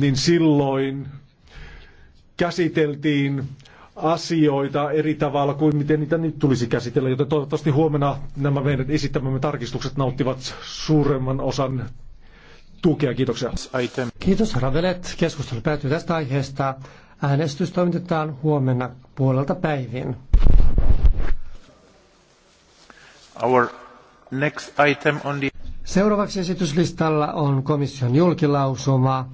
niin silloin käsiteltiin asioita eri tavalla kuin miten niitä nyt tulisi käsitellä, joten toivottavasti huomenna nämä meidän esittämämme tarkistukset nauttivat suuremman osan tukea. Kiitoksia. Kiitos Ravelet. Keskustelu päättyy tästä aiheesta. Äänestys toimitetaan huomenna puolelta päivin. Our next item on the... Seuraavaksi esityslistalla on komission julkilausuma.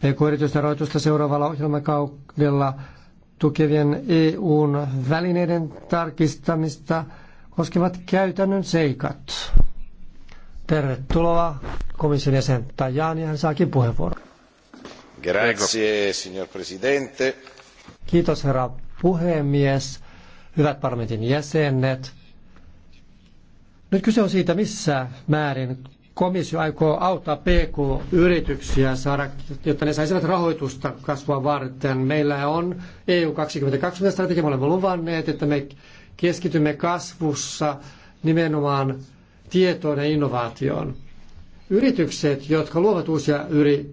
PK-yritysten rahoitusta seuraavalla ohjelmakaudella tukevien EUn välineiden tarkistamista koskevat käytännön seikat. Tervetuloa komission jäsen Tajani, hän saakin puheenvuoron. Grazie, signor presidente. Kiitos herra puhemies, hyvät parlamentin jäsenet. Nyt kyse on siitä, missä määrin komissio aikoo auttaa PK-yrityksiä saada, jotta ne saisivat rahoitusta kasvua varten. Meillä on EU 2020 strategia, me olemme luvanneet, että me keskitymme kasvussa nimenomaan tietoon ja innovaatioon. Yritykset, jotka luovat uusia yri,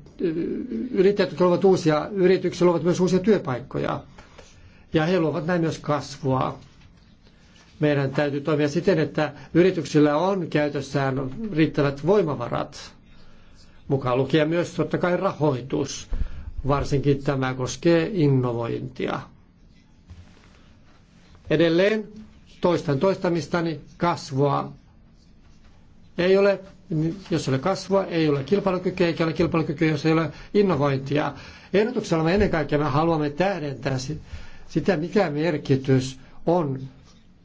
yrittäjät, jotka luovat uusia yrityksiä, luovat myös uusia työpaikkoja. Ja he luovat näin myös kasvua meidän täytyy toimia siten, että yrityksillä on käytössään riittävät voimavarat, mukaan lukien myös totta kai rahoitus. Varsinkin tämä koskee innovointia. Edelleen toistan toistamistani kasvua ei ole, jos ei ole kasvua, ei ole kilpailukykyä, eikä ole kilpailukykyä, jos ei ole innovointia. Ehdotuksella me ennen kaikkea me haluamme tähdentää sitä, mikä merkitys on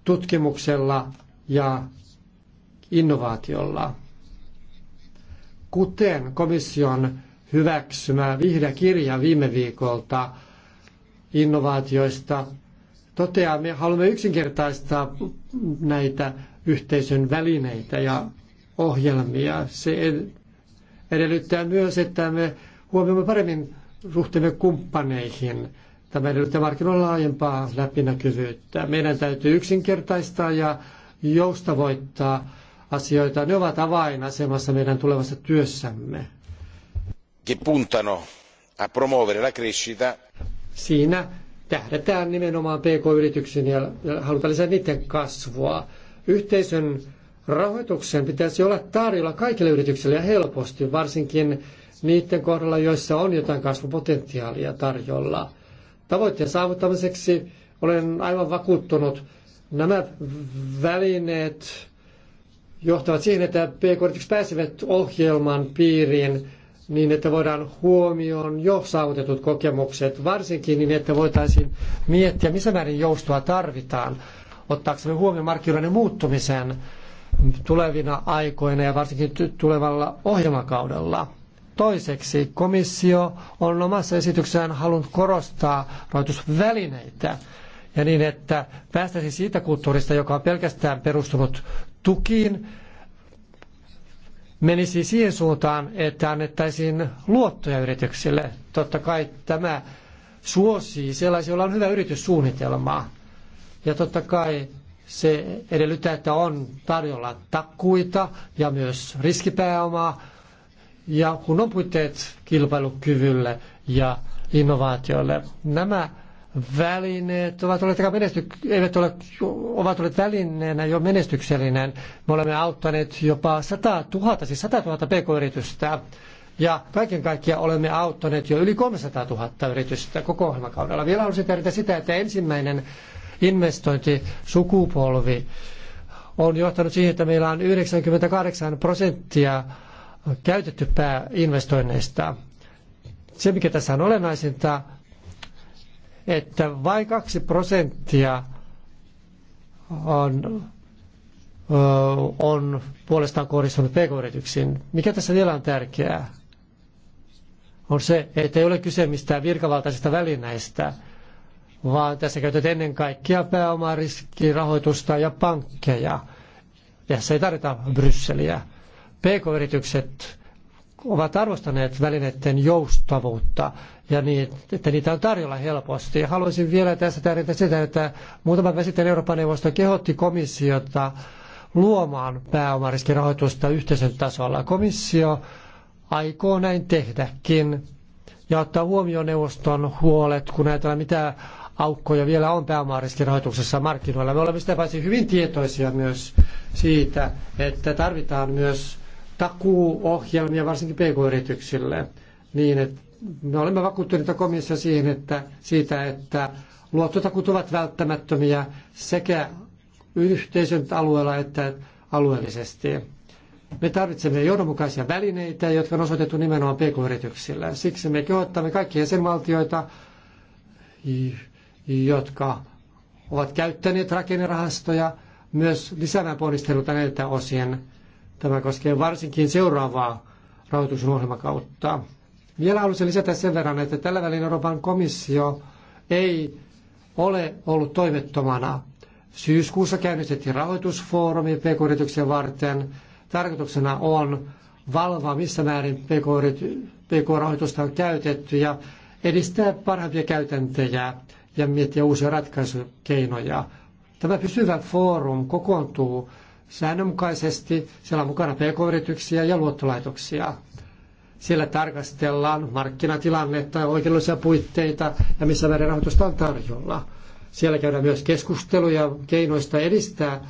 tutkimuksella ja innovaatiolla. Kuten komission hyväksymä vihreä kirja viime viikolta innovaatioista toteaa, me haluamme yksinkertaistaa näitä yhteisön välineitä ja ohjelmia. Se edellyttää myös, että me huomioimme paremmin suhteemme kumppaneihin – Tämä edellyttää markkinoilla laajempaa läpinäkyvyyttä. Meidän täytyy yksinkertaistaa ja joustavoittaa asioita. Ne ovat avainasemassa meidän tulevassa työssämme. Che puntano a promuovere la crescita. Siinä tähdetään nimenomaan PK-yrityksiin ja halutaan lisää niiden kasvua. Yhteisön rahoituksen pitäisi olla tarjolla kaikille yrityksille ja helposti, varsinkin niiden kohdalla, joissa on jotain kasvupotentiaalia tarjolla. Tavoitteen saavuttamiseksi olen aivan vakuuttunut. Nämä välineet johtavat siihen, että pk pääsevät ohjelman piiriin niin, että voidaan huomioon jo saavutetut kokemukset, varsinkin niin, että voitaisiin miettiä, missä määrin joustoa tarvitaan, ottaaksemme huomioon markkinoiden muuttumisen tulevina aikoina ja varsinkin tulevalla ohjelmakaudella. Toiseksi komissio on omassa esityksessään halunnut korostaa rahoitusvälineitä ja niin, että päästäisiin siitä kulttuurista, joka on pelkästään perustunut tukiin, menisi siihen suuntaan, että annettaisiin luottoja yrityksille. Totta kai tämä suosii sellaisia, joilla on hyvä yrityssuunnitelma. Ja totta kai se edellyttää, että on tarjolla takkuita ja myös riskipääomaa, ja on puitteet kilpailukyvylle ja innovaatioille. Nämä välineet ovat olleet, menesty- eivät ole, ovat olleet välineenä jo menestyksellinen. Me olemme auttaneet jopa 100 000, siis 100 000 pk-yritystä. Ja kaiken kaikkiaan olemme auttaneet jo yli 300 000 yritystä koko ohjelmakaudella. Vielä haluaisin tärkeää sitä, että ensimmäinen investointisukupolvi on johtanut siihen, että meillä on 98 prosenttia käytetty pääinvestoinneista. Se, mikä tässä on olennaisinta, että vain kaksi prosenttia on, on puolestaan kohdistunut pk-yrityksiin. Mikä tässä vielä on tärkeää? On se, että ei ole kyse mistään virkavaltaisista välineistä, vaan tässä käytetään ennen kaikkea pääomariskirahoitusta ja pankkeja. Tässä ei tarvita Brysseliä. PK-yritykset ovat arvostaneet välineiden joustavuutta ja niin, että niitä on tarjolla helposti. Haluaisin vielä tässä tärjätä sitä, että muutama päivä sitten Euroopan neuvosto kehotti komissiota luomaan pääomariskirahoitusta yhteisön tasolla. Komissio aikoo näin tehdäkin ja ottaa huomioon neuvoston huolet, kun ajatellaan mitä aukkoja vielä on pääomariskirahoituksessa markkinoilla. Me olemme sitä paitsi hyvin tietoisia myös siitä, että tarvitaan myös takuuohjelmia varsinkin pk-yrityksille niin, että me olemme vakuuttuneita komissa siihen, että, siitä, että luottotakut ovat välttämättömiä sekä yhteisön alueella että alueellisesti. Me tarvitsemme johdonmukaisia välineitä, jotka on osoitettu nimenomaan pk-yrityksille. Siksi me kehottamme kaikkia jäsenvaltioita, jotka ovat käyttäneet rakennerahastoja, myös lisäämään ponnisteluita näiltä osin Tämä koskee varsinkin seuraavaa ohjelmakautta. Vielä haluaisin lisätä sen verran, että tällä välin Euroopan komissio ei ole ollut toimettomana. Syyskuussa käynnistettiin rahoitusfoorumi pk varten. Tarkoituksena on valvoa, missä määrin pk-rahoitusta on käytetty ja edistää parhaimpia käytäntöjä ja miettiä uusia ratkaisukeinoja. Tämä pysyvä foorum kokoontuu säännönmukaisesti. Siellä on mukana pk-yrityksiä ja luottolaitoksia. Siellä tarkastellaan markkinatilannetta ja oikeudellisia puitteita ja missä määrin rahoitusta on tarjolla. Siellä käydään myös keskusteluja keinoista edistää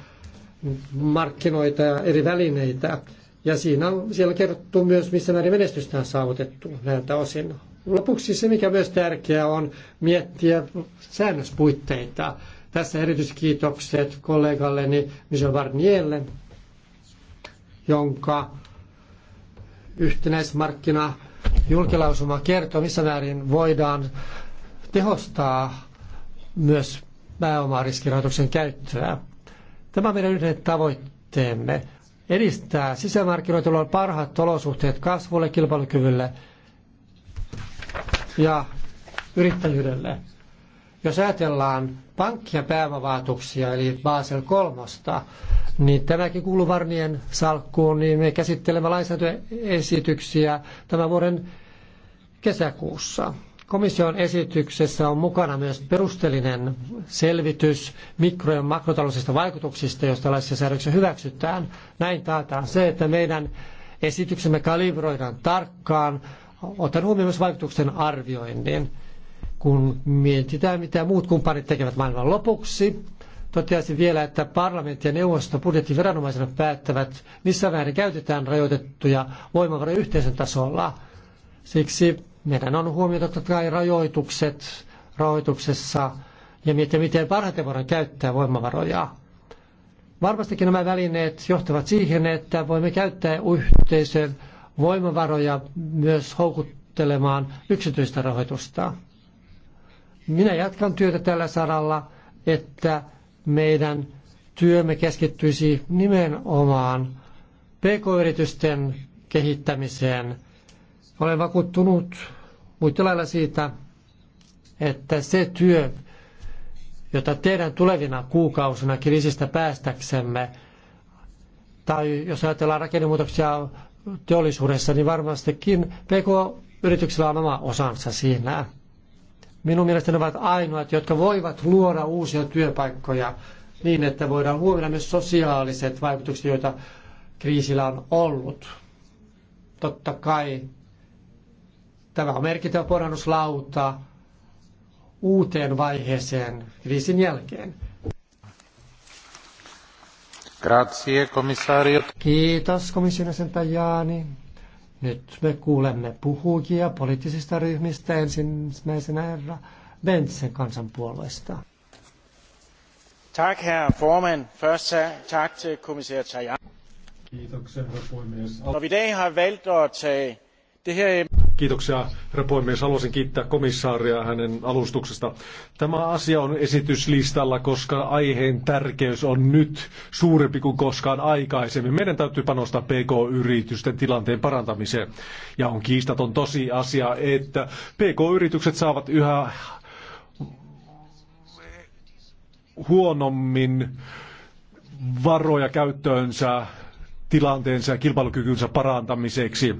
markkinoita ja eri välineitä. Ja siinä on siellä kerrottu myös, missä määrin menestystä on saavutettu näiltä osin. Lopuksi se, mikä myös tärkeää on, miettiä säännöspuitteita tässä erityiskiitokset kollegalleni Michel Barnierlle, jonka yhtenäismarkkina julkilausuma kertoo, missä määrin voidaan tehostaa myös pääomariskirahoituksen käyttöä. Tämä on meidän yhden tavoitteemme. Edistää sisämarkkinoita on parhaat olosuhteet kasvulle, kilpailukyvylle ja yrittäjyydelle. Jos ajatellaan pankkien ja pääomavaatuksia, eli Basel kolmosta, niin tämäkin kuuluu varmien salkkuun, niin me käsittelemme lainsäädäntöesityksiä tämän vuoden kesäkuussa. Komission esityksessä on mukana myös perusteellinen selvitys mikro- ja makrotaloudellisista vaikutuksista, jos tällaisia säädöksiä hyväksytään. Näin taataan se, että meidän esityksemme kalibroidaan tarkkaan, ottaen huomioon myös vaikutusten arvioinnin kun mietitään, mitä muut kumppanit tekevät maailman lopuksi. Toteaisin vielä, että parlamentti ja neuvosto budjettiviranomaisena päättävät, missä määrin käytetään rajoitettuja voimavaroja yhteisön tasolla. Siksi meidän on huomioitava totta kai rajoitukset rahoituksessa ja miettiä, miten parhaiten voidaan käyttää voimavaroja. Varmastikin nämä välineet johtavat siihen, että voimme käyttää yhteisön voimavaroja myös houkuttelemaan yksityistä rahoitusta. Minä jatkan työtä tällä saralla, että meidän työmme keskittyisi nimenomaan pk-yritysten kehittämiseen. Olen vakuuttunut muita lailla siitä, että se työ, jota tehdään tulevina kuukausina kriisistä päästäksemme, tai jos ajatellaan rakennemuutoksia teollisuudessa, niin varmastikin pk yrityksellä on oma osansa siinä minun mielestäni ovat ainoat, jotka voivat luoda uusia työpaikkoja niin, että voidaan huomioida myös sosiaaliset vaikutukset, joita kriisillä on ollut. Totta kai tämä on merkittävä porannuslauta uuteen vaiheeseen kriisin jälkeen. Grazie, komissario. Kiitos komission jäsen nyt me kuulemme puhujia poliittisista ryhmistä ensimmäisenä herra Bentsen kansanpuolueesta. Tack herr formen. Först tack till kommissär Tajani. Kiitoksia herra puhemies. Når vi har valgt att tage Kiitoksia, herra puhemies. Haluaisin kiittää komissaaria hänen alustuksesta. Tämä asia on esityslistalla, koska aiheen tärkeys on nyt suurempi kuin koskaan aikaisemmin. Meidän täytyy panostaa PK-yritysten tilanteen parantamiseen. Ja on kiistaton tosiasia, että PK-yritykset saavat yhä huonommin varoja käyttöönsä tilanteensa ja kilpailukykynsä parantamiseksi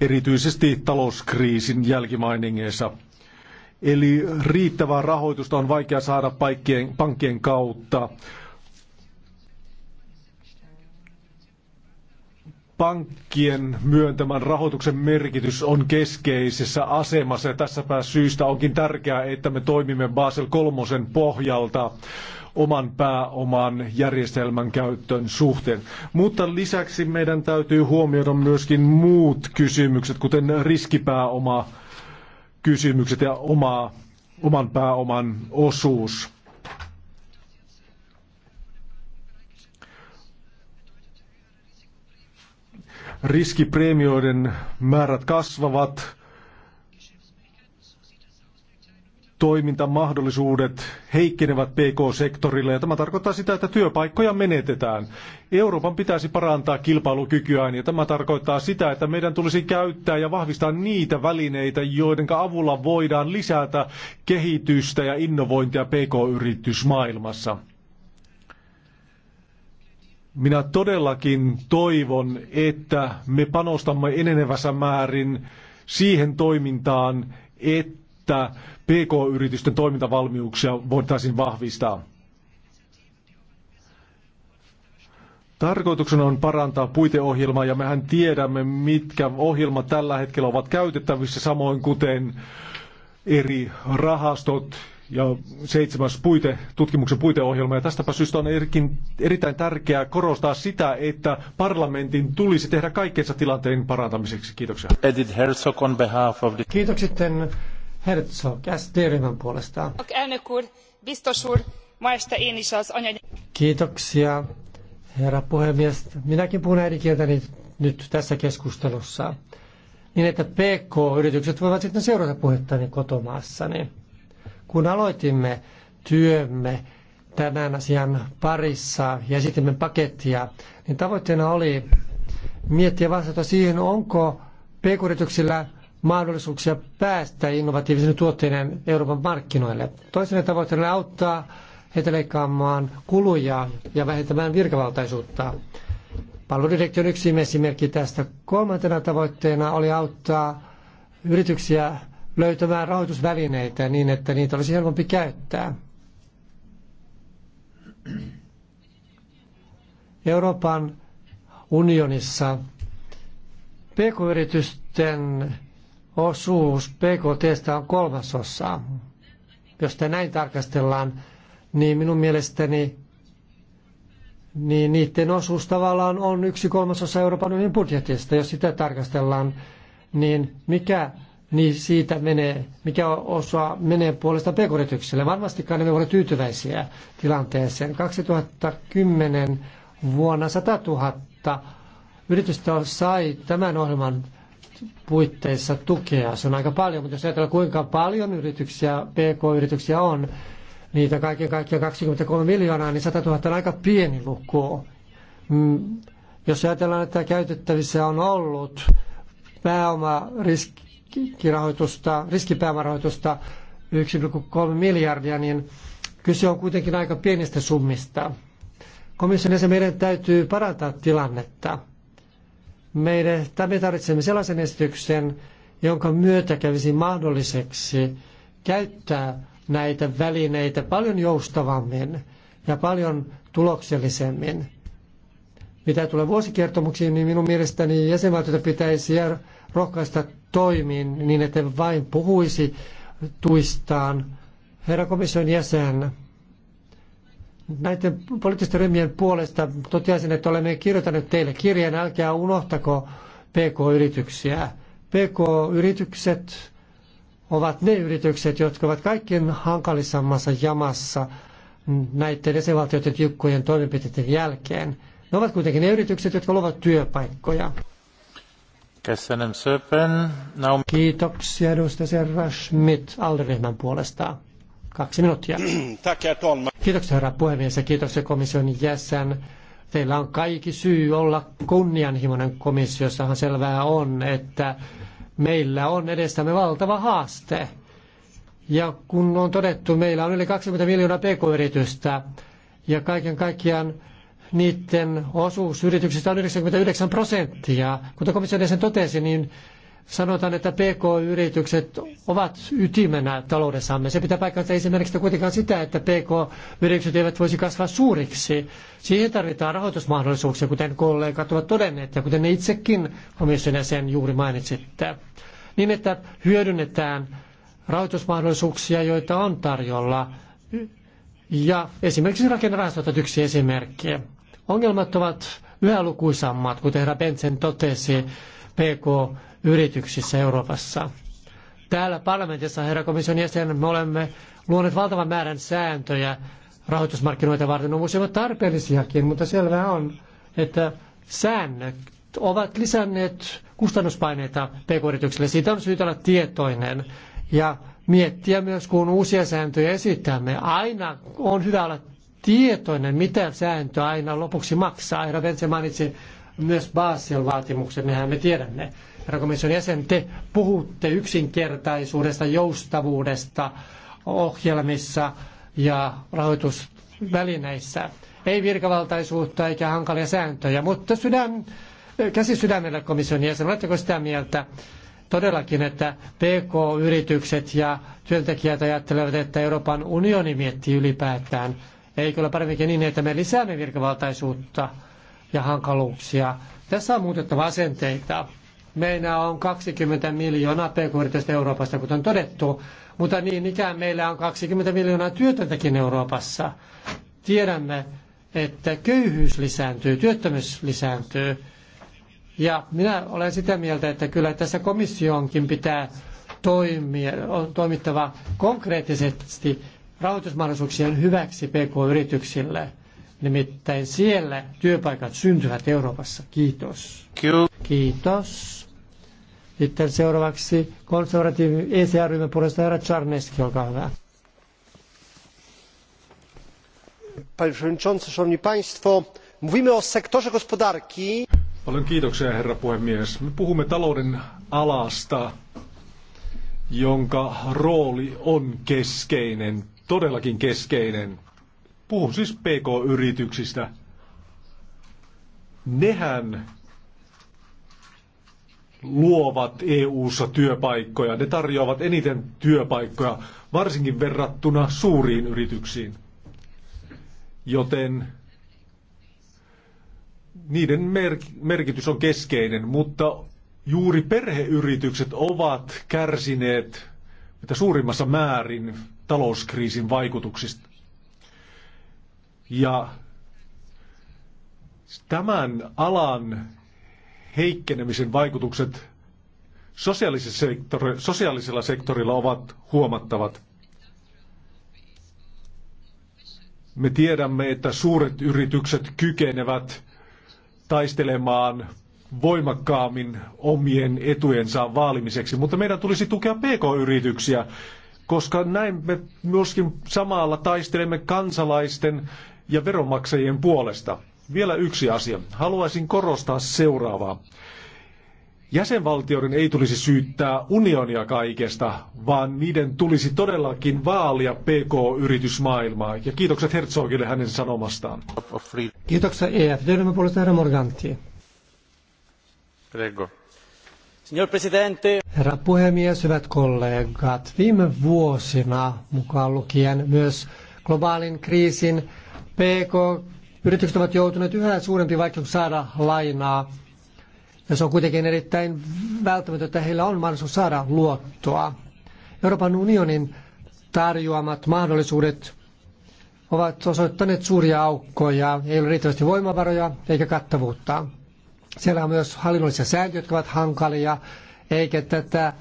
erityisesti talouskriisin jälkimainingeissa. Eli riittävää rahoitusta on vaikea saada paikkien, pankkien kautta. Pankkien myöntämän rahoituksen merkitys on keskeisessä asemassa ja tässäpä syystä onkin tärkeää, että me toimimme Basel kolmosen pohjalta oman pääoman järjestelmän käyttöön suhteen. Mutta lisäksi meidän täytyy huomioida myöskin muut kysymykset, kuten riskipääoma kysymykset ja oma, oman pääoman osuus. Riskipreemioiden määrät kasvavat toimintamahdollisuudet heikkenevät PK-sektorille ja tämä tarkoittaa sitä, että työpaikkoja menetetään. Euroopan pitäisi parantaa kilpailukykyään ja tämä tarkoittaa sitä, että meidän tulisi käyttää ja vahvistaa niitä välineitä, joiden avulla voidaan lisätä kehitystä ja innovointia PK-yritysmaailmassa. Minä todellakin toivon, että me panostamme enenevässä määrin siihen toimintaan, että PK-yritysten toimintavalmiuksia voitaisiin vahvistaa. Tarkoituksena on parantaa puiteohjelmaa ja mehän tiedämme, mitkä ohjelmat tällä hetkellä ovat käytettävissä, samoin kuten eri rahastot ja seitsemäs puite, tutkimuksen puiteohjelma. Ja tästäpä syystä on erikin, erittäin tärkeää korostaa sitä, että parlamentin tulisi tehdä kaikkensa tilanteen parantamiseksi. Kiitoksia. Edith Herzog on behalf of the... Kiitokset Herzog, ST-ryhmän puolesta. Kiitoksia, herra puhemies. Minäkin puhun äidinkieltäni nyt tässä keskustelussa. Niin, että PK-yritykset voivat sitten seurata puhettani kotomaassani. Kun aloitimme työmme tämän asian parissa ja esitimme pakettia, niin tavoitteena oli miettiä vastata siihen, onko pk-yrityksillä mahdollisuuksia päästä innovatiivisen tuotteiden Euroopan markkinoille. Toisena tavoitteena auttaa heitä leikkaamaan kuluja ja vähentämään virkavaltaisuutta. Palveludirekti on yksi esimerkki tästä. Kolmantena tavoitteena oli auttaa yrityksiä löytämään rahoitusvälineitä niin, että niitä olisi helpompi käyttää. Euroopan unionissa pk-yritysten osuus PKT on kolmasosa. Jos te näin tarkastellaan, niin minun mielestäni niin niiden osuus tavallaan on yksi kolmasosa Euroopan unionin budjetista. Jos sitä tarkastellaan, niin mikä niin siitä menee, mikä osa menee puolesta pk-yritykselle. Varmastikaan ne ovat tyytyväisiä tilanteeseen. 2010 vuonna 100 000 yritystä sai tämän ohjelman puitteissa tukea. Se on aika paljon, mutta jos ajatellaan kuinka paljon yrityksiä, PK-yrityksiä on, niitä kaiken kaikkiaan 23 miljoonaa, niin 100 000 on aika pieni luku. Mm, jos ajatellaan, että käytettävissä on ollut pääomariskirahoitusta, riskipääomarahoitusta 1,3 miljardia, niin kyse on kuitenkin aika pienistä summista. Komission jäsen meidän täytyy parantaa tilannetta. Meidän, me tarvitsemme sellaisen esityksen, jonka myötä kävisi mahdolliseksi käyttää näitä välineitä paljon joustavammin ja paljon tuloksellisemmin. Mitä tulee vuosikertomuksiin, niin minun mielestäni jäsenvaltioita pitäisi rohkaista toimiin niin, että vain puhuisi tuistaan. Herra komission jäsen, näiden poliittisten ryhmien puolesta toteaisin, että olemme kirjoittaneet teille kirjeen, älkää unohtako PK-yrityksiä. PK-yritykset ovat ne yritykset, jotka ovat kaikkien hankalissammassa jamassa näiden jäsenvaltioiden tiukkojen toimenpiteiden jälkeen. Ne ovat kuitenkin ne yritykset, jotka luovat työpaikkoja. Kiitoksia edustaja Serra Schmidt Alderyhmän puolestaan. Kaksi minuuttia. Kiitoksia herra puhemies ja kiitoksia komission jäsen. Teillä on kaikki syy olla kunnianhimoinen komissiossahan selvää on, että meillä on edestämme valtava haaste. Ja kun on todettu, meillä on yli 20 miljoonaa pk-yritystä ja kaiken kaikkiaan niiden osuus yrityksistä on 99 prosenttia. Kuten komission jäsen totesi, niin sanotaan, että PK-yritykset ovat ytimenä taloudessamme. Se pitää paikkansa esimerkiksi kuitenkaan sitä, että PK-yritykset eivät voisi kasvaa suuriksi. Siihen tarvitaan rahoitusmahdollisuuksia, kuten kollegat ovat todenneet ja kuten ne itsekin komission sen juuri mainitsitte. Niin, että hyödynnetään rahoitusmahdollisuuksia, joita on tarjolla. Ja esimerkiksi rakennerahastot on yksi esimerkki. Ongelmat ovat yhä lukuisammat, kuten herra Bentsen totesi, PK yrityksissä Euroopassa. Täällä parlamentissa, herra komission jäsen, me olemme luoneet valtavan määrän sääntöjä rahoitusmarkkinoita varten. Ne ovat tarpeellisiakin, mutta selvää on, että säännöt ovat lisänneet kustannuspaineita pk-yrityksille. Siitä on syytä olla tietoinen ja miettiä myös, kun uusia sääntöjä esitämme. Aina on hyvä olla tietoinen, mitä sääntö aina lopuksi maksaa. Herra Ventse mainitsi myös Basel-vaatimukset, mehän me tiedämme herra komission jäsen, te puhutte yksinkertaisuudesta, joustavuudesta ohjelmissa ja rahoitusvälineissä. Ei virkavaltaisuutta eikä hankalia sääntöjä, mutta sydän, käsi sydämellä komission jäsen, oletteko sitä mieltä todellakin, että PK-yritykset ja työntekijät ajattelevat, että Euroopan unioni miettii ylipäätään? Eikö ole paremminkin niin, että me lisäämme virkavaltaisuutta ja hankaluuksia? Tässä on muutettava asenteita. Meillä on 20 miljoonaa pk-yritystä Euroopassa, kuten todettu, mutta niin ikään meillä on 20 miljoonaa työtöntäkin Euroopassa. Tiedämme, että köyhyys lisääntyy, työttömyys lisääntyy. Ja minä olen sitä mieltä, että kyllä tässä komissionkin pitää toimia, on toimittava konkreettisesti rahoitusmahdollisuuksien hyväksi PK-yrityksille. Nimittäin siellä työpaikat syntyvät Euroopassa. Kiitos. Kiitos. Kiitos. Sitten seuraavaksi konservatiivi ECR-ryhmän puolesta herra Czarneski, olkaa hyvä. Panie przewodniczący, szanowni państwo, mówimy o sektorze gospodarki. Paljon kiitoksia, herra puhemies. Me puhumme talouden alasta, jonka rooli on keskeinen, todellakin keskeinen. Puhun siis PK-yrityksistä. Nehän luovat EU-ssa työpaikkoja. Ne tarjoavat eniten työpaikkoja, varsinkin verrattuna suuriin yrityksiin. Joten niiden merkitys on keskeinen, mutta juuri perheyritykset ovat kärsineet mitä suurimmassa määrin talouskriisin vaikutuksista. Ja tämän alan heikkenemisen vaikutukset sektori, sosiaalisella sektorilla ovat huomattavat. Me tiedämme, että suuret yritykset kykenevät taistelemaan voimakkaammin omien etujensa vaalimiseksi, mutta meidän tulisi tukea pk-yrityksiä, koska näin me myöskin samalla taistelemme kansalaisten ja veronmaksajien puolesta. Vielä yksi asia. Haluaisin korostaa seuraavaa. Jäsenvaltioiden ei tulisi syyttää unionia kaikesta, vaan niiden tulisi todellakin vaalia PK-yritysmaailmaa. Ja kiitokset Herzogille hänen sanomastaan. Kiitoksia EF. ryhmän puolesta herra Morganti. Prego. Signor Presidente. Herra puhemies, hyvät kollegat, viime vuosina mukaan lukien myös globaalin kriisin PK Yritykset ovat joutuneet yhä suurempi vaikeus saada lainaa, ja se on kuitenkin erittäin välttämätöntä, että heillä on mahdollisuus saada luottoa. Euroopan unionin tarjoamat mahdollisuudet ovat osoittaneet suuria aukkoja, ei ole riittävästi voimavaroja eikä kattavuutta. Siellä on myös hallinnollisia sääntöjä, jotka ovat hankalia, eikä tätä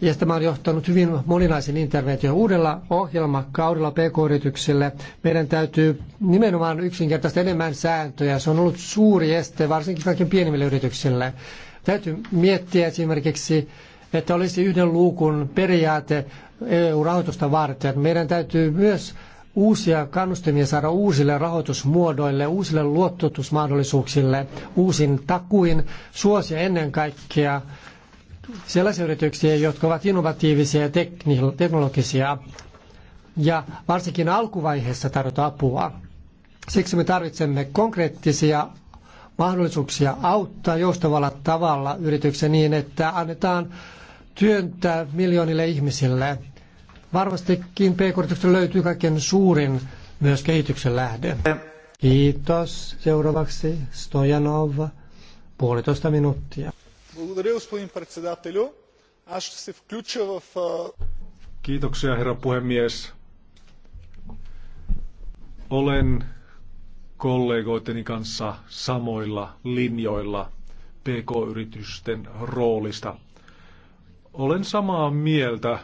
ja tämä on johtanut hyvin moninaisen intervention. Uudella ohjelmakaudella PK-yrityksille meidän täytyy nimenomaan yksinkertaisesti enemmän sääntöjä. Se on ollut suuri este, varsinkin kaikkien pienimmille yrityksille. Täytyy miettiä esimerkiksi, että olisi yhden luukun periaate EU-rahoitusta varten. Meidän täytyy myös uusia kannustimia saada uusille rahoitusmuodoille, uusille luottotusmahdollisuuksille, uusin takuin, suosia ennen kaikkea sellaisia yrityksiä, jotka ovat innovatiivisia ja teknologisia ja varsinkin alkuvaiheessa tarjota apua. Siksi me tarvitsemme konkreettisia mahdollisuuksia auttaa joustavalla tavalla yrityksen niin, että annetaan työntää miljoonille ihmisille. Varmastikin pk löytyy kaiken suurin myös kehityksen lähde. Kiitos. Seuraavaksi Stojanov, puolitoista minuuttia. Благодаря, господин председателю. Аз ще се включа в... Kiitoksia, herra puhemies. Olen kollegoiteni kanssa samoilla linjoilla PK-yritysten roolista. Olen samaa mieltä.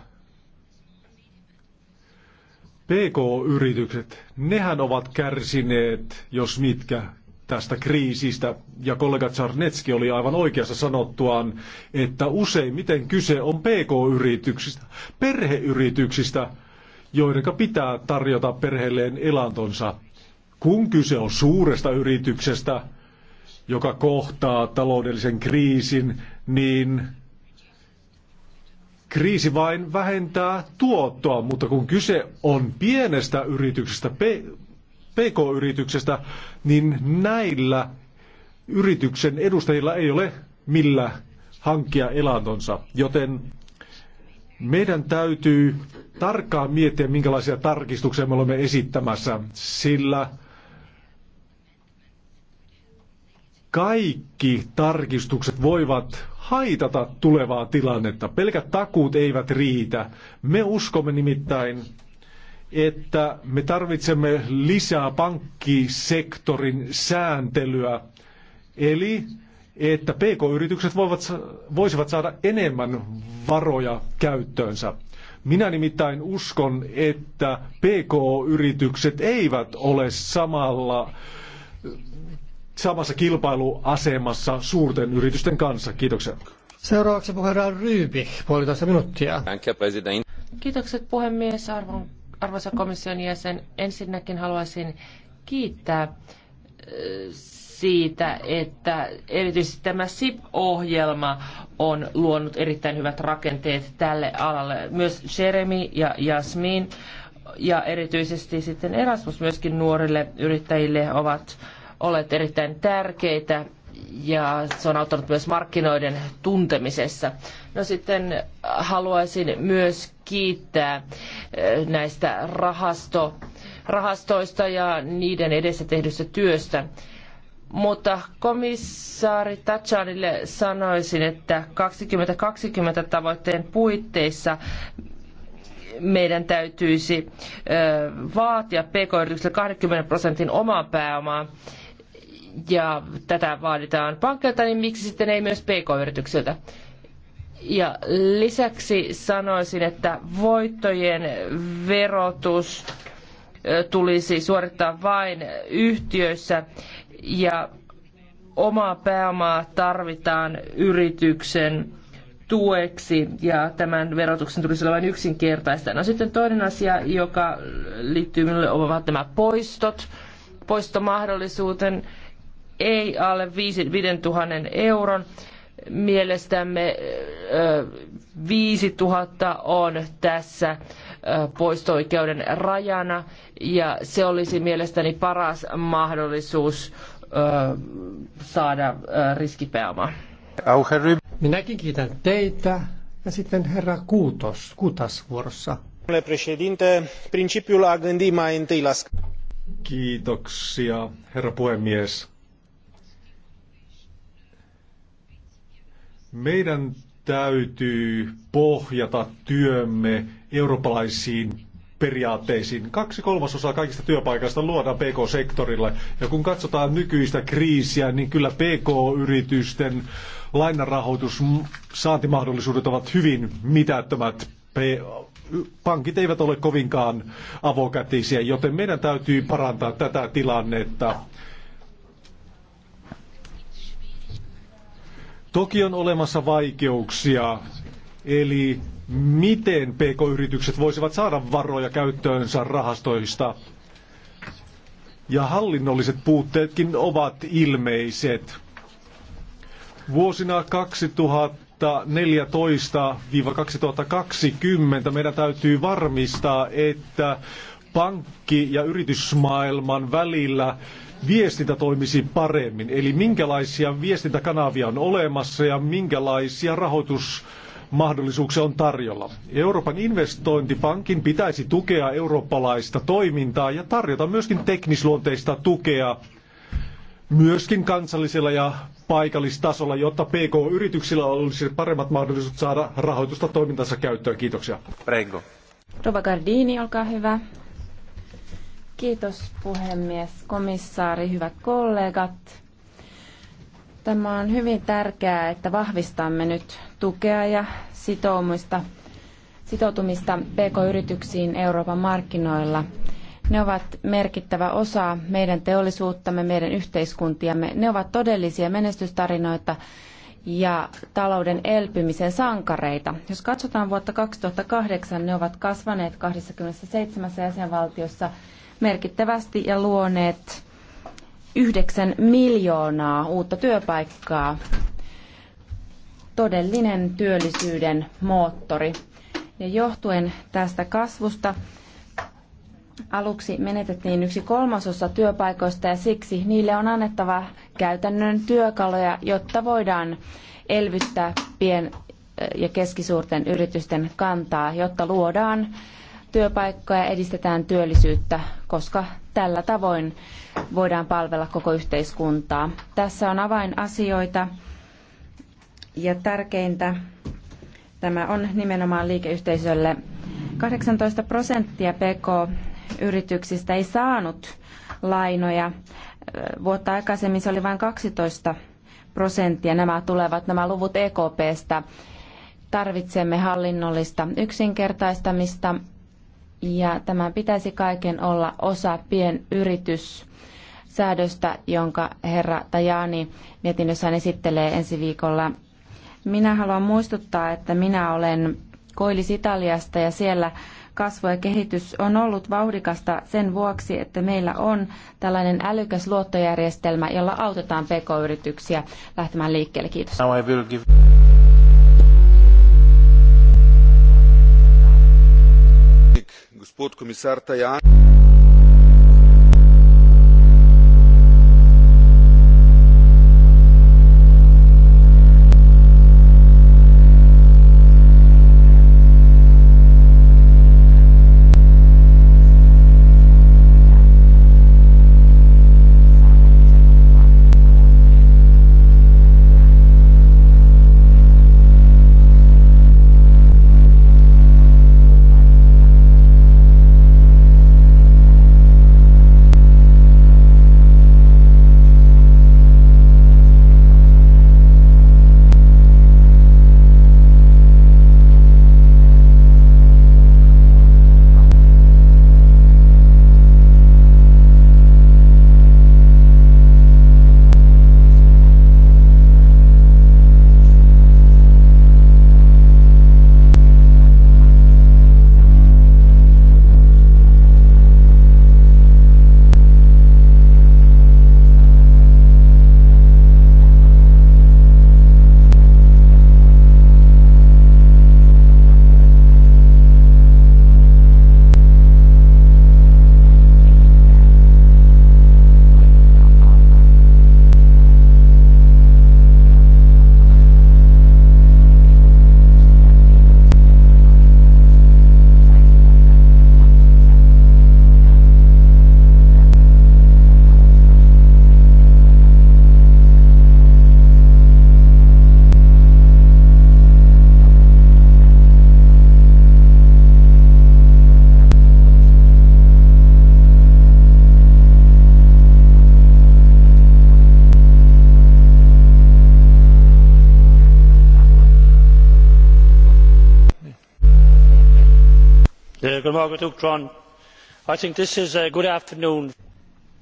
PK-yritykset, nehän ovat kärsineet, jos mitkä, tästä kriisistä. Ja kollega Czarnetski oli aivan oikeassa sanottuaan, että useimmiten kyse on pk-yrityksistä, perheyrityksistä, joiden pitää tarjota perheelleen elantonsa. Kun kyse on suuresta yrityksestä, joka kohtaa taloudellisen kriisin, niin kriisi vain vähentää tuottoa, mutta kun kyse on pienestä yrityksestä, PK-yrityksestä, niin näillä yrityksen edustajilla ei ole millä hankkia elantonsa. Joten meidän täytyy tarkkaan miettiä, minkälaisia tarkistuksia me olemme esittämässä, sillä kaikki tarkistukset voivat haitata tulevaa tilannetta. Pelkät takuut eivät riitä. Me uskomme nimittäin että me tarvitsemme lisää pankkisektorin sääntelyä, eli että pk-yritykset voivat, voisivat saada enemmän varoja käyttöönsä. Minä nimittäin uskon, että PK-yritykset eivät ole samalla, samassa kilpailuasemassa suurten yritysten kanssa. Kiitoksia. Seuraavaksi puheenjohtaja Ryypi, puolitoista minuuttia. Kiitokset puhemies, arvon Arvoisa komission jäsen, ensinnäkin haluaisin kiittää äh, siitä, että erityisesti tämä SIP-ohjelma on luonut erittäin hyvät rakenteet tälle alalle. Myös Jeremy ja Jasmin ja erityisesti sitten Erasmus myöskin nuorille yrittäjille ovat olleet erittäin tärkeitä ja se on auttanut myös markkinoiden tuntemisessa. No sitten haluaisin myös kiittää Eh, näistä rahasto, rahastoista ja niiden edessä tehdystä työstä. Mutta komissaari Tajanille sanoisin, että 2020 tavoitteen puitteissa meidän täytyisi eh, vaatia pk-yrityksille 20 prosentin omaa pääomaa ja tätä vaaditaan pankkeilta, niin miksi sitten ei myös pk-yrityksiltä? Ja lisäksi sanoisin, että voittojen verotus tulisi suorittaa vain yhtiöissä ja omaa pääomaa tarvitaan yrityksen tueksi ja tämän verotuksen tulisi olla vain yksinkertaista. No sitten toinen asia, joka liittyy minulle, ovat nämä poistot, poistomahdollisuuden ei alle 5000 euron mielestämme 5000 on tässä poisto-oikeuden rajana ja se olisi mielestäni paras mahdollisuus saada riskipääomaa. Minäkin kiitän teitä ja sitten herra Kuutos, Kuutas vuorossa. Kiitoksia, herra puhemies Meidän täytyy pohjata työmme eurooppalaisiin periaatteisiin. Kaksi kolmasosaa kaikista työpaikoista luodaan PK-sektorilla. Ja kun katsotaan nykyistä kriisiä, niin kyllä PK-yritysten lainarahoitus saantimahdollisuudet ovat hyvin mitättömät. Pankit eivät ole kovinkaan avokätisiä, joten meidän täytyy parantaa tätä tilannetta. Toki on olemassa vaikeuksia, eli miten pk-yritykset voisivat saada varoja käyttöönsä rahastoista. Ja hallinnolliset puutteetkin ovat ilmeiset. Vuosina 2014-2020 meidän täytyy varmistaa, että pankki- ja yritysmaailman välillä viestintä toimisi paremmin. Eli minkälaisia viestintäkanavia on olemassa ja minkälaisia rahoitus mahdollisuuksia on tarjolla. Euroopan investointipankin pitäisi tukea eurooppalaista toimintaa ja tarjota myöskin teknisluonteista tukea myöskin kansallisella ja paikallistasolla, jotta PK-yrityksillä olisi paremmat mahdollisuudet saada rahoitusta toimintansa käyttöön. Kiitoksia. Prego. Rova Gardini, olkaa hyvä. Kiitos puhemies, komissaari, hyvät kollegat. Tämä on hyvin tärkeää, että vahvistamme nyt tukea ja sitoumista, sitoutumista pk-yrityksiin Euroopan markkinoilla. Ne ovat merkittävä osa meidän teollisuuttamme, meidän yhteiskuntiamme. Ne ovat todellisia menestystarinoita ja talouden elpymisen sankareita. Jos katsotaan vuotta 2008, ne ovat kasvaneet 27 jäsenvaltiossa merkittävästi ja luoneet yhdeksän miljoonaa uutta työpaikkaa. Todellinen työllisyyden moottori. Ja johtuen tästä kasvusta aluksi menetettiin yksi kolmasosa työpaikoista ja siksi niille on annettava käytännön työkaluja, jotta voidaan elvyttää pien- ja keskisuurten yritysten kantaa, jotta luodaan työpaikkoja, edistetään työllisyyttä, koska tällä tavoin voidaan palvella koko yhteiskuntaa. Tässä on avainasioita ja tärkeintä tämä on nimenomaan liikeyhteisölle. 18 prosenttia PK-yrityksistä ei saanut lainoja. Vuotta aikaisemmin se oli vain 12 prosenttia. Nämä tulevat nämä luvut EKPstä. Tarvitsemme hallinnollista yksinkertaistamista ja tämä pitäisi kaiken olla osa pienyrityssäädöstä, jonka herra Tajani mietinnössään esittelee ensi viikolla. Minä haluan muistuttaa, että minä olen Koillis Italiasta ja siellä kasvu ja kehitys on ollut vauhdikasta sen vuoksi, että meillä on tällainen älykäs luottojärjestelmä, jolla autetaan pk-yrityksiä lähtemään liikkeelle. Kiitos. gospod komisar tajani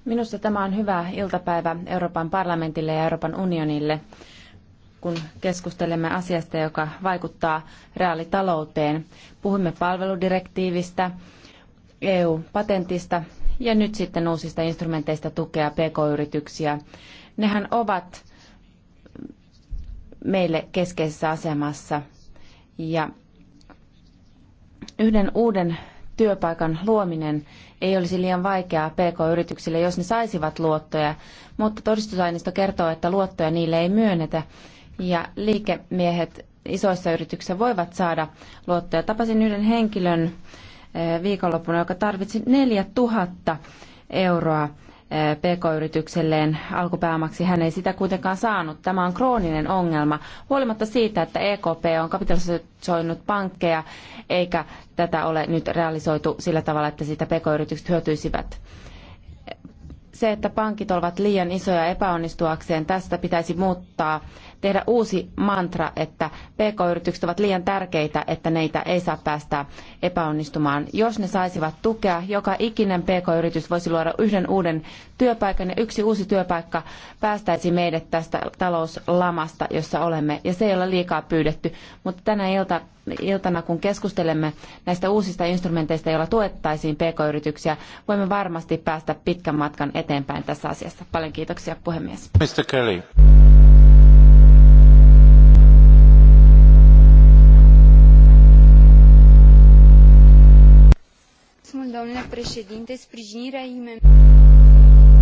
minusta tämä on hyvä iltapäivä euroopan parlamentille ja euroopan unionille kun keskustelemme asiasta joka vaikuttaa reaalitalouteen. puhumme palveludirektiivistä eu patentista ja nyt sitten uusista instrumenteista tukea pk yrityksiä. nehän ovat meille keskeisessä asemassa ja yhden uuden työpaikan luominen ei olisi liian vaikeaa PK-yrityksille, jos ne saisivat luottoja, mutta todistusaineisto kertoo, että luottoja niille ei myönnetä ja liikemiehet isoissa yrityksissä voivat saada luottoja. Tapasin yhden henkilön eh, viikonloppuna, joka tarvitsi 4000 euroa pk-yritykselleen alkupääomaksi. Hän ei sitä kuitenkaan saanut. Tämä on krooninen ongelma. Huolimatta siitä, että EKP on kapitalisoinut pankkeja, eikä tätä ole nyt realisoitu sillä tavalla, että siitä pk-yritykset hyötyisivät se, että pankit ovat liian isoja epäonnistuakseen, tästä pitäisi muuttaa tehdä uusi mantra, että pk-yritykset ovat liian tärkeitä, että neitä ei saa päästää epäonnistumaan. Jos ne saisivat tukea, joka ikinen pk-yritys voisi luoda yhden uuden työpaikan ja yksi uusi työpaikka päästäisi meidät tästä talouslamasta, jossa olemme. Ja se ei ole liikaa pyydetty, mutta tänä ilta, iltana, kun keskustelemme näistä uusista instrumenteista, joilla tuettaisiin pk-yrityksiä, voimme varmasti päästä pitkän matkan eteenpäin tässä asiassa. Paljon kiitoksia puhemies. Mr. Kelly. sprijinirea imm urilor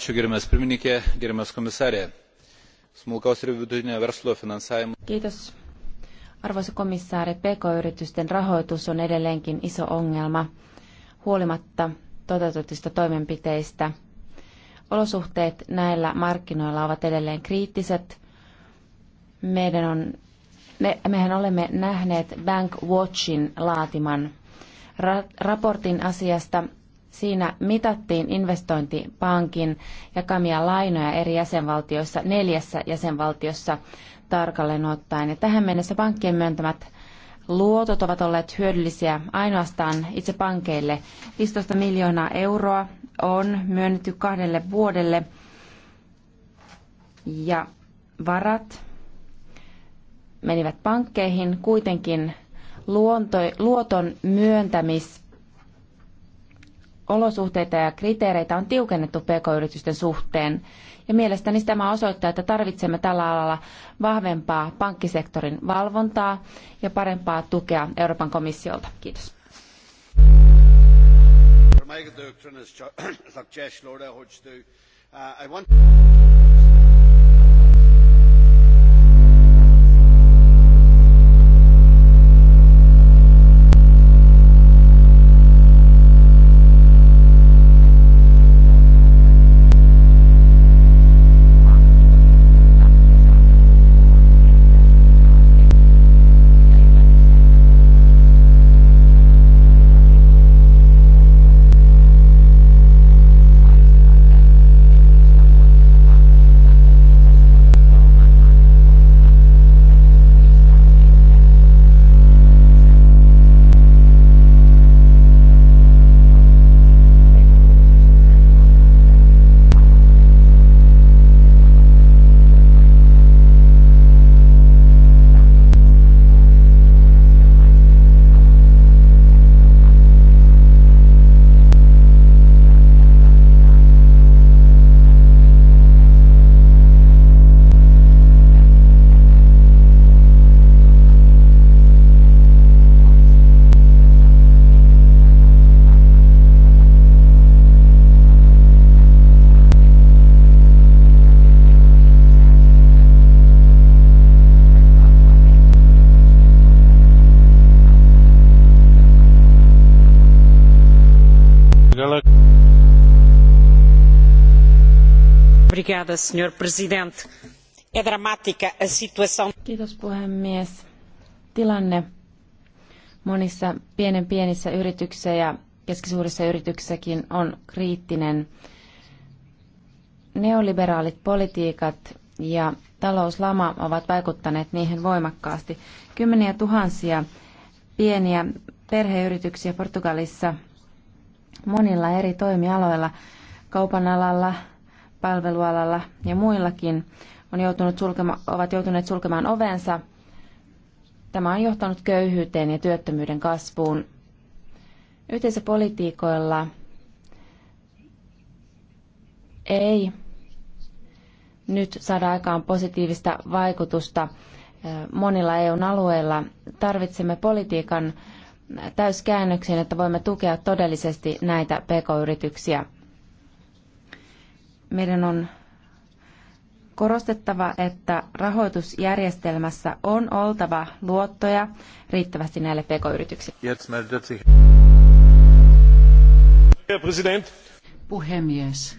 Gerbiamas gerbiamas Smulkaus vidutinio verslo Kiitos. Arvoisa komissaari, PK-yritysten rahoitus on edelleenkin iso ongelma. Huolimatta toteutetuista toimenpiteistä, olosuhteet näillä markkinoilla ovat edelleen kriittiset. Meidän on, me, mehän olemme nähneet Bank Watchin laatiman ra, raportin asiasta Siinä mitattiin investointipankin jakamia lainoja eri jäsenvaltioissa, neljässä jäsenvaltiossa tarkalleen ottaen. Ja tähän mennessä pankkien myöntämät luotot ovat olleet hyödyllisiä ainoastaan itse pankeille. 15 miljoonaa euroa on myönnetty kahdelle vuodelle ja varat menivät pankkeihin kuitenkin luonto, luoton myöntämis olosuhteita ja kriteereitä on tiukennettu pk-yritysten suhteen. Ja mielestäni tämä osoittaa, että tarvitsemme tällä alalla vahvempaa pankkisektorin valvontaa ja parempaa tukea Euroopan komissiolta. Kiitos. puhemies. Tilanne monissa pienen pienissä yrityksissä ja keskisuurissa yrityksissäkin on kriittinen. Neoliberaalit politiikat ja talouslama ovat vaikuttaneet niihin voimakkaasti. Kymmeniä tuhansia pieniä perheyrityksiä Portugalissa monilla eri toimialoilla, kaupan alalla, palvelualalla ja muillakin on joutunut sulkema, ovat joutuneet sulkemaan ovensa. Tämä on johtanut köyhyyteen ja työttömyyden kasvuun. Yhteisöpolitiikoilla ei nyt saada aikaan positiivista vaikutusta monilla eu alueilla. Tarvitsemme politiikan täyskäännöksen, että voimme tukea todellisesti näitä pk-yrityksiä meidän on korostettava, että rahoitusjärjestelmässä on oltava luottoja riittävästi näille pk-yrityksille. Puhemies,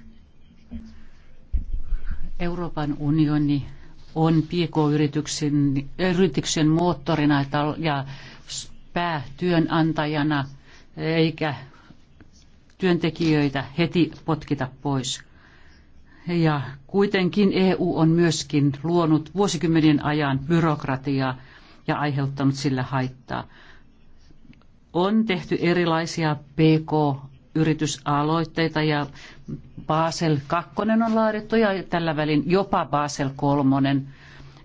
Euroopan unioni on pk-yrityksen moottorina ja päätyönantajana, eikä työntekijöitä heti potkita pois ja kuitenkin EU on myöskin luonut vuosikymmenien ajan byrokratiaa ja aiheuttanut sillä haittaa. On tehty erilaisia PK-yritysaloitteita ja Basel 2 on laadittu ja tällä välin jopa Basel 3,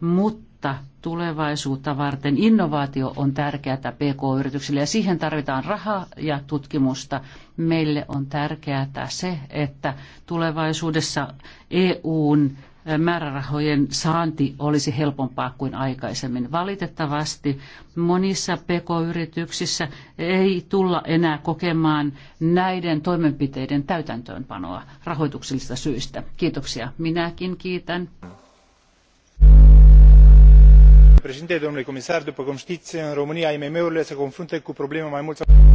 mutta uutta tulevaisuutta varten. Innovaatio on tärkeää PK-yrityksille ja siihen tarvitaan rahaa ja tutkimusta. Meille on tärkeää se, että tulevaisuudessa EUn määrärahojen saanti olisi helpompaa kuin aikaisemmin. Valitettavasti monissa PK-yrityksissä ei tulla enää kokemaan näiden toimenpiteiden täytäntöönpanoa rahoituksellisista syistä. Kiitoksia. Minäkin kiitän după cum tii în românia imm urile se confruntă cu probleme mai mult sau mai puin grave.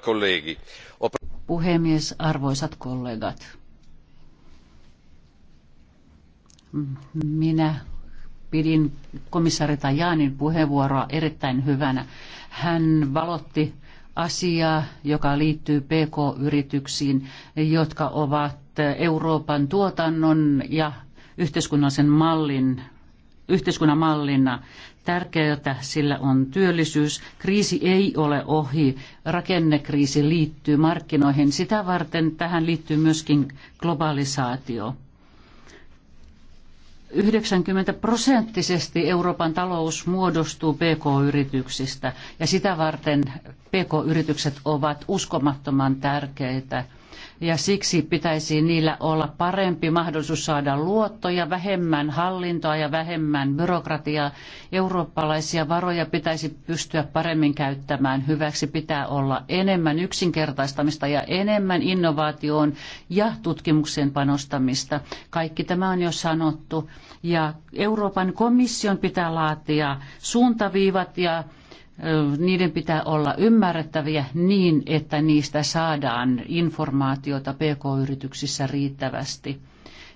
colleghi. Puhemies, arvoisat kollegat. Minä pidin komissaari Tajanin puheenvuoroa erittäin hyvänä. Hän valotti asiaa, joka liittyy PK-yrityksiin, jotka ovat Euroopan tuotannon ja yhteiskunnallisen mallin yhteiskunnan mallina tärkeää, sillä on työllisyys. Kriisi ei ole ohi. Rakennekriisi liittyy markkinoihin. Sitä varten tähän liittyy myöskin globalisaatio. 90 prosenttisesti Euroopan talous muodostuu PK-yrityksistä ja sitä varten PK-yritykset ovat uskomattoman tärkeitä – ja siksi pitäisi niillä olla parempi mahdollisuus saada luottoja, vähemmän hallintoa ja vähemmän byrokratiaa. Eurooppalaisia varoja pitäisi pystyä paremmin käyttämään hyväksi, pitää olla enemmän yksinkertaistamista ja enemmän innovaatioon ja tutkimukseen panostamista. Kaikki tämä on jo sanottu ja Euroopan komission pitää laatia suuntaviivat ja niiden pitää olla ymmärrettäviä niin, että niistä saadaan informaatiota pk-yrityksissä riittävästi.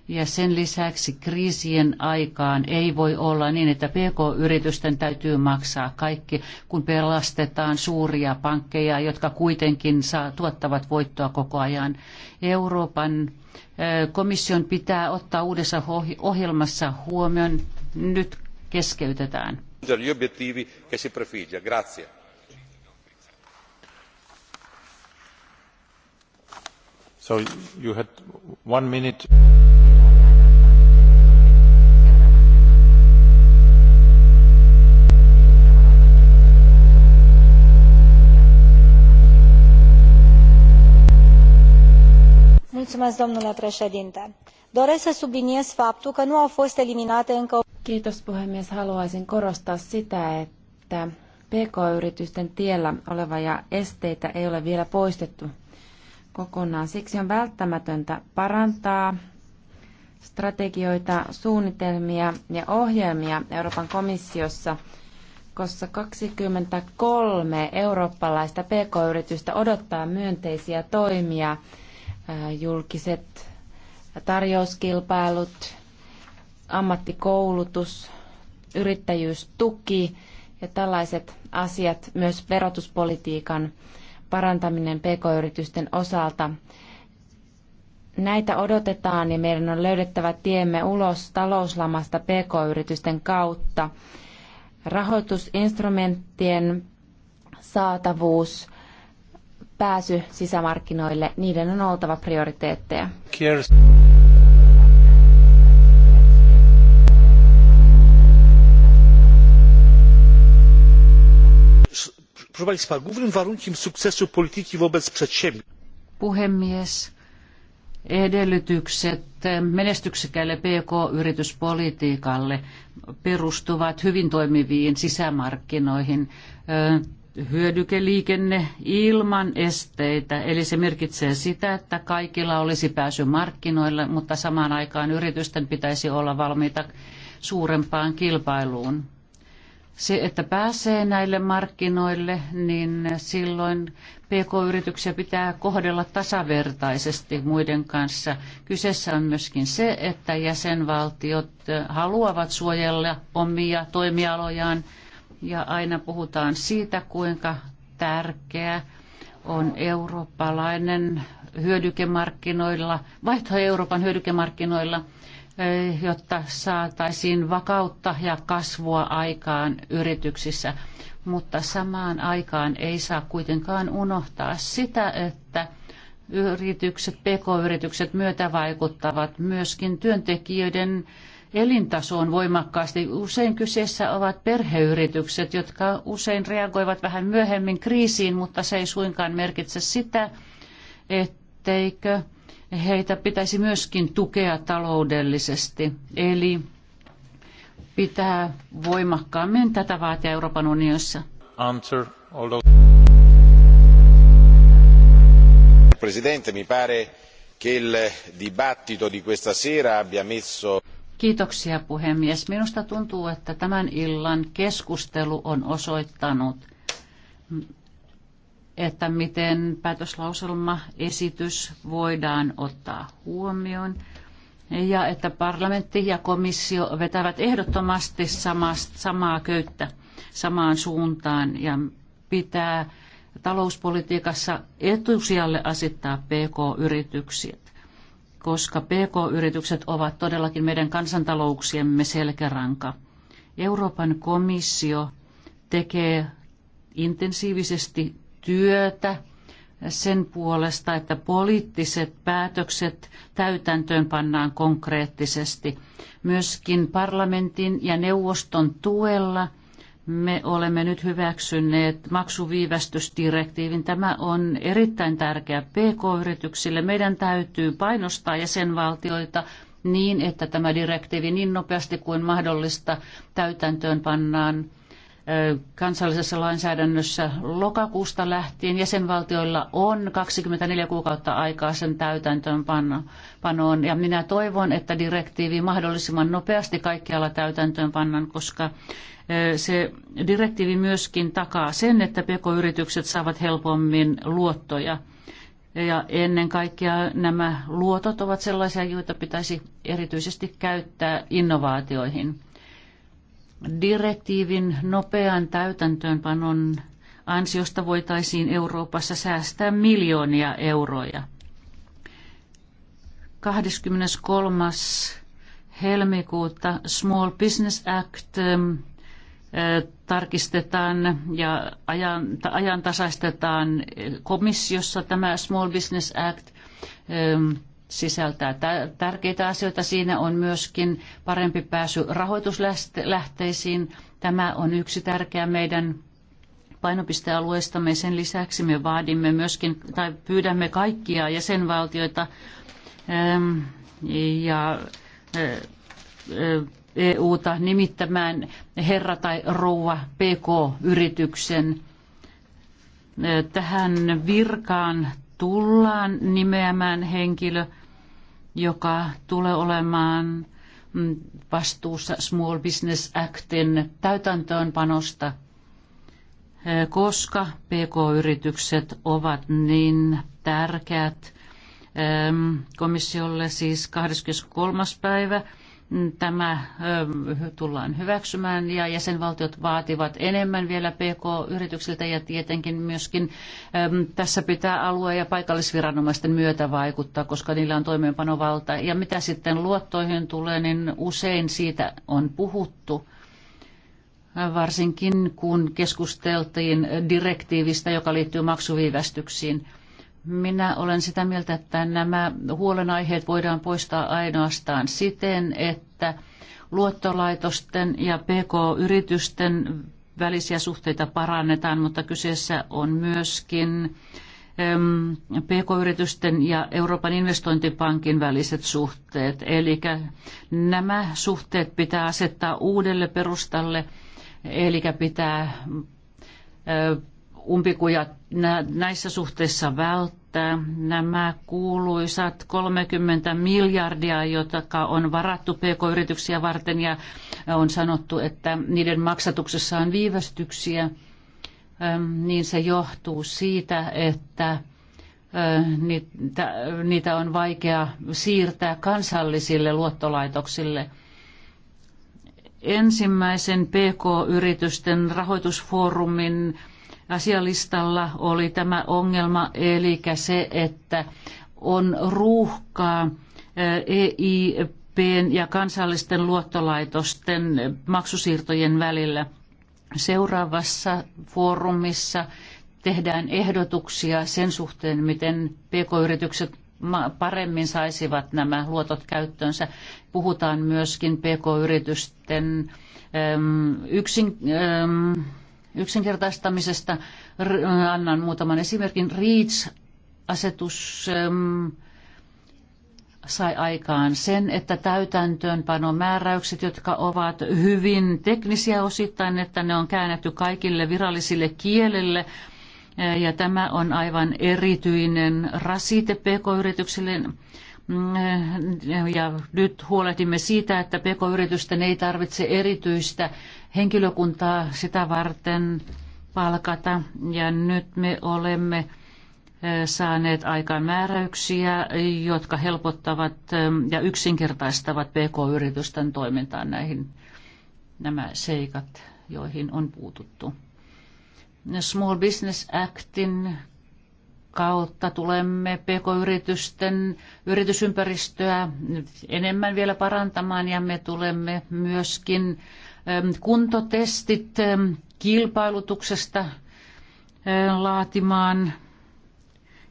Ja sen lisäksi kriisien aikaan ei voi olla niin, että PK-yritysten täytyy maksaa kaikki, kun pelastetaan suuria pankkeja, jotka kuitenkin saa, tuottavat voittoa koko ajan. Euroopan komission pitää ottaa uudessa ohjelmassa huomioon, nyt keskeytetään raggiungere gli obiettivi che si prefigge. doresc să subliniez faptul că nu au fost eliminate încă. Kiitos puhemies. Haluaisin korostaa sitä, että PK-yritysten tiellä olevia esteitä ei ole vielä poistettu kokonaan. Siksi on välttämätöntä parantaa strategioita, suunnitelmia ja ohjelmia Euroopan komissiossa, koska 23 eurooppalaista pk-yritystä odottaa myönteisiä toimia Äh, julkiset tarjouskilpailut, ammattikoulutus, yrittäjyystuki ja tällaiset asiat, myös verotuspolitiikan parantaminen pk-yritysten osalta. Näitä odotetaan ja meidän on löydettävä tiemme ulos talouslamasta pk-yritysten kautta. Rahoitusinstrumenttien saatavuus pääsy sisämarkkinoille, niiden on oltava prioriteetteja. Kiitos. proszę państwa głównym warunkiem sukcesu polityki wobec przedsiębiorstw puhemies edellytykset menestyksekkäälle pk-yrityspolitiikalle perustuvat hyvin toimiviin sisämarkkinoihin, hyödykeliikenne ilman esteitä. Eli se merkitsee sitä, että kaikilla olisi pääsy markkinoille, mutta samaan aikaan yritysten pitäisi olla valmiita suurempaan kilpailuun. Se, että pääsee näille markkinoille, niin silloin PK-yrityksiä pitää kohdella tasavertaisesti muiden kanssa. Kyseessä on myöskin se, että jäsenvaltiot haluavat suojella omia toimialojaan – ja aina puhutaan siitä, kuinka tärkeä on eurooppalainen hyödykemarkkinoilla, vaihto Euroopan hyödykemarkkinoilla, eh, jotta saataisiin vakautta ja kasvua aikaan yrityksissä. Mutta samaan aikaan ei saa kuitenkaan unohtaa sitä, että yritykset, pk-yritykset myötävaikuttavat myöskin työntekijöiden elintasoon voimakkaasti. Usein kyseessä ovat perheyritykset, jotka usein reagoivat vähän myöhemmin kriisiin, mutta se ei suinkaan merkitse sitä, etteikö heitä pitäisi myöskin tukea taloudellisesti. Eli pitää voimakkaammin tätä vaatia Euroopan unionissa. Answer, although... Presidente, mi pare che il dibattito di questa sera abbia messo Kiitoksia puhemies. Minusta tuntuu, että tämän illan keskustelu on osoittanut, että miten päätöslauselmaesitys voidaan ottaa huomioon ja että parlamentti ja komissio vetävät ehdottomasti samasta, samaa köyttä samaan suuntaan ja pitää talouspolitiikassa etusijalle asettaa PK-yrityksiä koska PK-yritykset ovat todellakin meidän kansantalouksiemme selkäranka. Euroopan komissio tekee intensiivisesti työtä sen puolesta, että poliittiset päätökset täytäntöön pannaan konkreettisesti. Myöskin parlamentin ja neuvoston tuella – me olemme nyt hyväksyneet maksuviivästysdirektiivin. Tämä on erittäin tärkeä PK-yrityksille. Meidän täytyy painostaa jäsenvaltioita niin, että tämä direktiivi niin nopeasti kuin mahdollista täytäntöön pannaan kansallisessa lainsäädännössä lokakuusta lähtien. Jäsenvaltioilla on 24 kuukautta aikaa sen täytäntöönpanoon ja minä toivon, että direktiivi mahdollisimman nopeasti kaikkialla täytäntöönpannan, koska se direktiivi myöskin takaa sen, että pk-yritykset saavat helpommin luottoja. Ja ennen kaikkea nämä luotot ovat sellaisia, joita pitäisi erityisesti käyttää innovaatioihin. Direktiivin nopean täytäntöönpanon ansiosta voitaisiin Euroopassa säästää miljoonia euroja. 23. helmikuuta Small Business Act ähm, äh, tarkistetaan ja ajan, ajantasaistetaan komissiossa tämä Small Business Act ähm, sisältää tärkeitä asioita. Siinä on myöskin parempi pääsy rahoituslähteisiin. Tämä on yksi tärkeä meidän painopistealueestamme. Sen lisäksi me vaadimme myöskin tai pyydämme kaikkia jäsenvaltioita ähm, ja äh, äh, EUta nimittämään herra tai rouva PK-yrityksen. Äh, tähän virkaan tullaan nimeämään henkilö, joka tulee olemaan mm, vastuussa Small Business Actin täytäntöönpanosta, koska PK-yritykset ovat niin tärkeät komissiolle siis 23. päivä tämä tullaan hyväksymään ja jäsenvaltiot vaativat enemmän vielä PK-yrityksiltä ja tietenkin myöskin tässä pitää alue- ja paikallisviranomaisten myötä vaikuttaa, koska niillä on toimeenpanovalta. Ja mitä sitten luottoihin tulee, niin usein siitä on puhuttu varsinkin kun keskusteltiin direktiivistä, joka liittyy maksuviivästyksiin – minä olen sitä mieltä, että nämä huolenaiheet voidaan poistaa ainoastaan siten, että luottolaitosten ja pk-yritysten välisiä suhteita parannetaan, mutta kyseessä on myöskin PK-yritysten ja Euroopan investointipankin väliset suhteet. Eli nämä suhteet pitää asettaa uudelle perustalle, eli pitää umpikuja näissä suhteissa välttää. Nämä kuuluisat 30 miljardia, jotka on varattu pk-yrityksiä varten ja on sanottu, että niiden maksatuksessa on viivästyksiä, niin se johtuu siitä, että äh, niitä on vaikea siirtää kansallisille luottolaitoksille – ensimmäisen PK-yritysten rahoitusfoorumin asialistalla oli tämä ongelma, eli se, että on ruuhkaa EIPn eh, e ja kansallisten luottolaitosten maksusiirtojen välillä. Seuraavassa foorumissa tehdään ehdotuksia sen suhteen, miten pk-yritykset paremmin saisivat nämä luotot käyttöönsä. Puhutaan myöskin pk-yritysten yksin, yksinkertaistamisesta. Annan muutaman esimerkin. REACH-asetus ähm, sai aikaan sen, että täytäntöönpanomääräykset, määräykset, jotka ovat hyvin teknisiä osittain, että ne on käännetty kaikille virallisille kielille, äh, ja tämä on aivan erityinen rasite pk-yrityksille. Mm, äh, ja nyt huolehdimme siitä, että pk-yritysten ei tarvitse erityistä henkilökuntaa sitä varten palkata. Ja nyt me olemme saaneet aikaan määräyksiä, jotka helpottavat ja yksinkertaistavat pk-yritysten toimintaa näihin nämä seikat, joihin on puututtu. Small Business Actin kautta tulemme pk-yritysten yritysympäristöä enemmän vielä parantamaan ja me tulemme myöskin kuntotestit kilpailutuksesta laatimaan.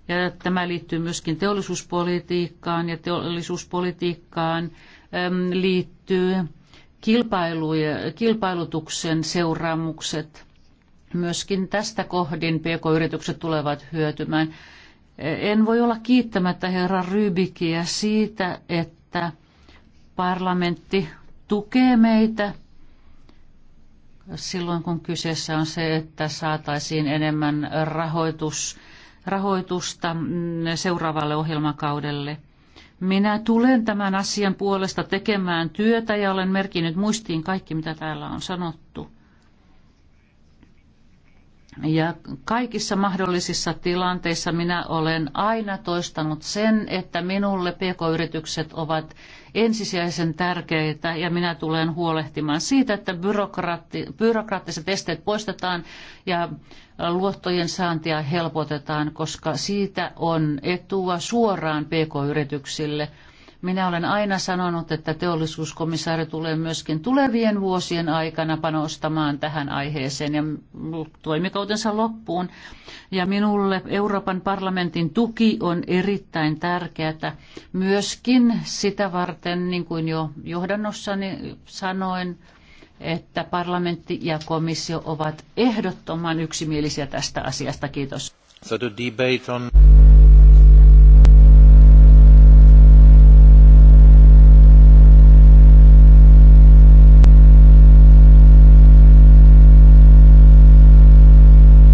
Ja tämä liittyy myöskin teollisuuspolitiikkaan ja teollisuuspolitiikkaan liittyy kilpailutuksen seuraamukset. Myöskin tästä kohdin pk-yritykset tulevat hyötymään. En voi olla kiittämättä herra Rybikiä siitä, että parlamentti tukee meitä silloin kun kyseessä on se, että saataisiin enemmän rahoitus, rahoitusta seuraavalle ohjelmakaudelle. Minä tulen tämän asian puolesta tekemään työtä ja olen merkinnyt muistiin kaikki, mitä täällä on sanottu. Ja kaikissa mahdollisissa tilanteissa minä olen aina toistanut sen, että minulle pk-yritykset ovat ensisijaisen tärkeitä ja minä tulen huolehtimaan siitä, että byrokraatti, byrokraattiset esteet poistetaan ja luottojen saantia helpotetaan, koska siitä on etua suoraan pk-yrityksille – minä olen aina sanonut, että teollisuuskomissaari tulee myöskin tulevien vuosien aikana panostamaan tähän aiheeseen ja toimikautensa loppuun. Ja minulle Euroopan parlamentin tuki on erittäin tärkeää myöskin sitä varten, niin kuin jo johdannossani sanoin, että parlamentti ja komissio ovat ehdottoman yksimielisiä tästä asiasta. Kiitos. So the debate on...